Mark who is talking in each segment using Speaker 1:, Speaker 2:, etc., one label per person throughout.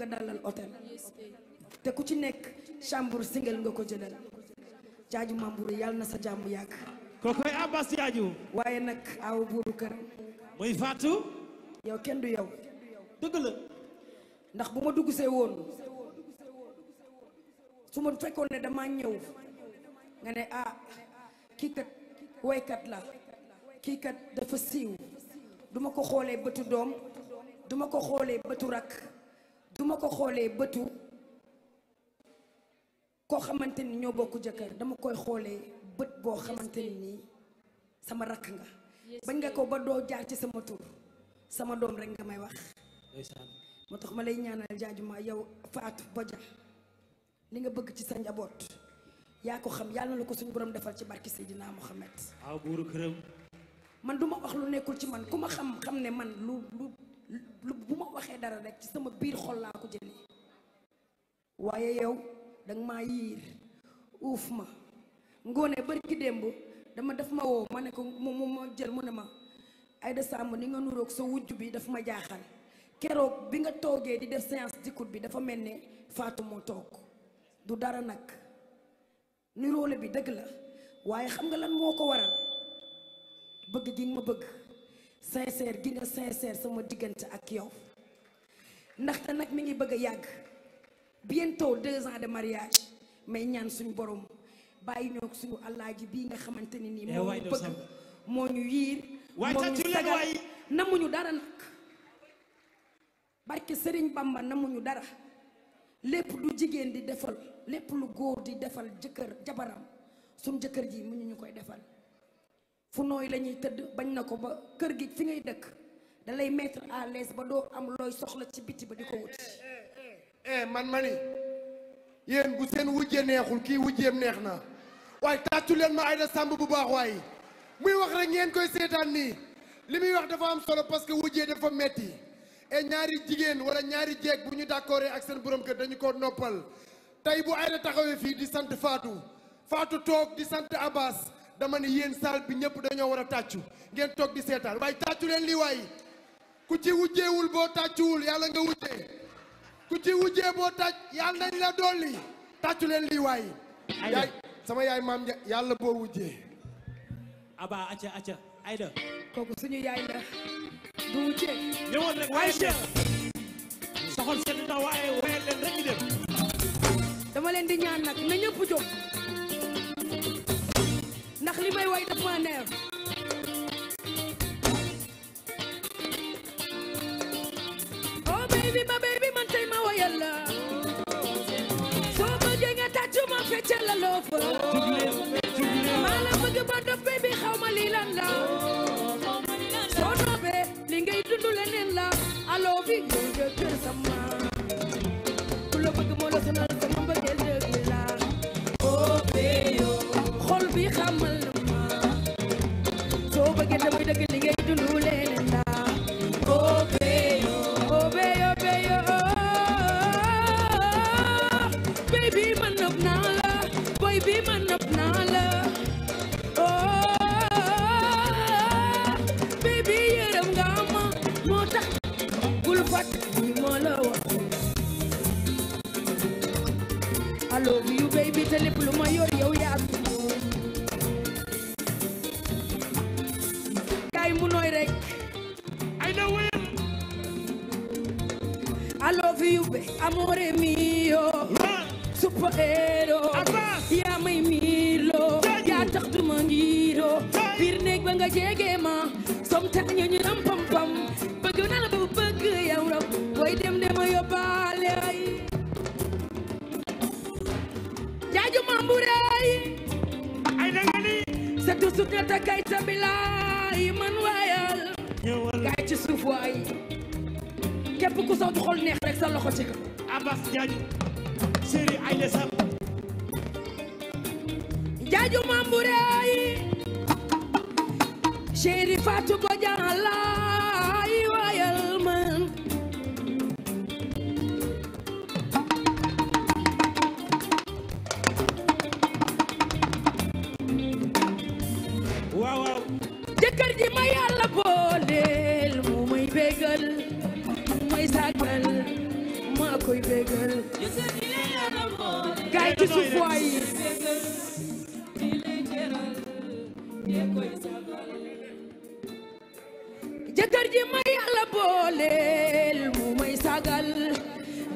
Speaker 1: nga dalal hôtel te ku ci nekk chambre single nga ko jëlal jaaju Mamburu yàlla na sa jàmm yàgg kookoy Abbas jaaju waaye nag aw buuru kër muy Fatou yow kenn du yow dëgg la ndax bu ma dugg see woon su ma fekkoon ne damaa ñëw nga ne ah kii woykat la kii dafa siiw duma ko xoolee bëtu doom duma ko xoolee bëtu rakk duma ko xoolee bëtu koo xamante ni ñoo bokk jëkkër dama koy xoolee bët boo xamante ni nii sama rakk nga bañ nga ko ba doo jaar ci sama tur sama doom rek nga may wax moo tax ma lay ñaanal jaajuma yow Fatou Bodia li nga bëgg ci sa njaboot yaa ko xam yàlla na la ko suñu borom defal ci barki Seydina Mohamed waaw man duma wax lu nekkul ci man ku ma xam xam ne man lu lu lu bu ma waxee dara rek ci sama biir xol laa ko jëlee waaye yow danga maa yiir uuf ma ngoone bari ki démb dama def ma woo ma ne ko mu ma jël mu ne ma Aida Samb ni nga nuroog sa wujj bi dafa ma jaaxal keroog bi nga toogee di def séance d'écoute bi dafa mel ne faatu moo toog du dara nag nuróole bi dëgg la waaye xam nga lan moo ko waral bëgg gi ma bëgg sincère gi nga sincère sama diggante ak yow ndaxte nag mi ngi bëgg a yàgg bientôt deux ans de mariage may ñaan suñu borom bàyyi ñoo suñu allaaji bii nga xamante ni nii eh, moo ñu bëgg moo ñu yiir moo ñu namuñu dara nag barke Sëriñ Bamba namuñu dara lépp lu jigéen di defal lépp lu góor di defal jëkkër jabaram suñu jëkkër ji mu ñu ñu koy defal fu nooy la ñuy tëdd bañ na ko ba kër gi ci ngay dëkk dalay lay mettre à l'aise ba doo am looy soxla ci biti ba di ko wuti eh, eh, eh man ma ni yéen bu seen wujje neexul kii wujjeem neex na waaye tàccu leen ma Aïda Samb bu baax waaye muy wax rek ngeen koy seetaan nii li muy wax dafa am solo parce que wujjee dafa metti et ñaari jigéen wala ñaari jeeg bu ñu d'accord ak seen borom kër dañu ko noppal tey bu Aïda taxawee fii di sant Fatou Fatou toog di sant Abbas dama ne yéen salle bi ñëpp dañoo war a tàccu ngeen toog di seetaan waaye tàccu leen lii waay ku ci wujjeewul boo tàccuwul yàlla nga wujjee ku ci wujjee boo tàcc yàlla nañ la dolli tàccu leen lii waay yaay sama yaay maam yàlla boo wujjee aba acca acca ayda kooku suñu yaay la du wujjee ñëwoon rek waaye Cheikh soxol sedd waaye waaye leen rek dem dama leen di ñaan nag na ñëpp jóg baby ma baby man tey ma woyal la soo bëggee nga tàccu ma feccal la loo fa maa la bëgg ba dof baby xaw ma lii lan la mọ́ lọ́wọ́. I love you baby tẹ́lẹ̀ pẹ̀lú mọ́ yóò yẹ wíyá kay mu nooy rek. I know him. I love you baby amore mio. superhero. yaa may miirloo. yaa tax du ma ngiiroo. biir néeg ba nga ma. somta ñu ñu nam pam pam. ma jaaju ma mbure ay ay na nga ni sa tusu na ci suuf waay képp ku sa xol neex rek sa loxo ci kaw jaaju séri ay la jaaju ma mbure ay séri waaw waaw jëkkër ji ma yàlla booleel mu may bégal mu may sagal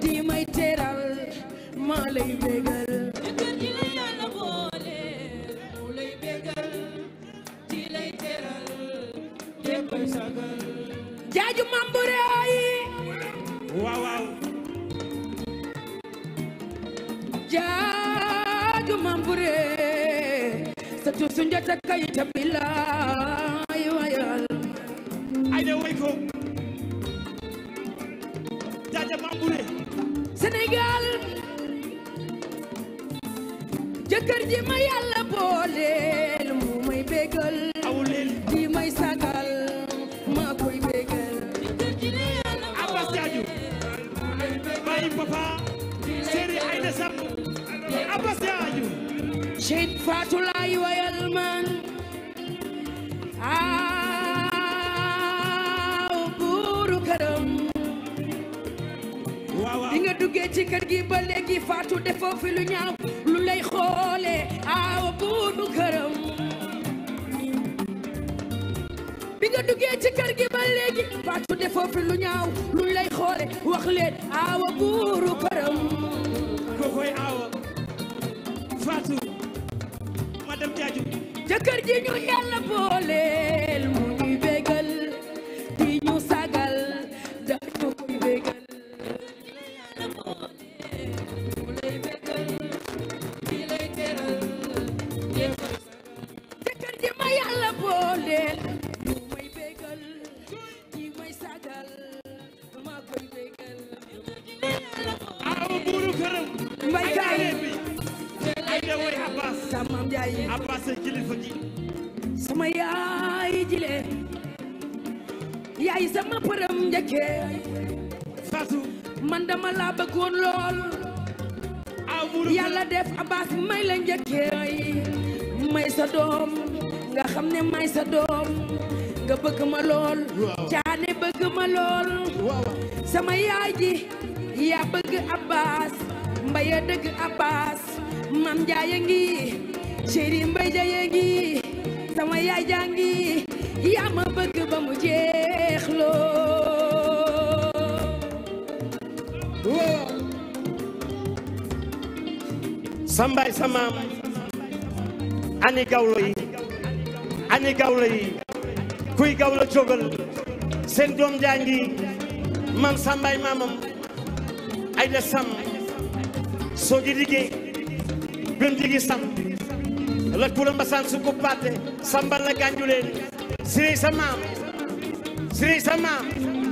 Speaker 1: di may teral maa lay bégal jaaju mam bu rëy tu sunjata kayita bilaay wayal ay de way ko jaaja mam bu rëy Sénégal Cheikh Fatulaay wayal man aaw buuru këram bi nga duggee ci kër gi ba léegi Fatou defoo fi lu ñaaw lu lay xoole wax leen aaw buuru këram ko koy aaw dem ci aju jëkkër ji ñu yàlla boole sama yaay jile yaay sama përëm njëkke man dama la bëggoon lool yàlla def Abbas may la njëkke may sa doom nga xam ne may sa doom nga bëgg ma lool caane bëgg ma lool sama yaay ji yaa bëgg Abbas mbaya dëgg Abbas mam njaay a ngi chéri mbay jaye ngi sama yaay jangi yaa ma bëgg ba mu jeexloo sambaay samaam ani ani gawlo kuy gawlo jógal seen doom jangi maam sambaay maamam ay da sam soo ji liggéey bem jigi sam la ganjuleen siri sa maam siri sa maam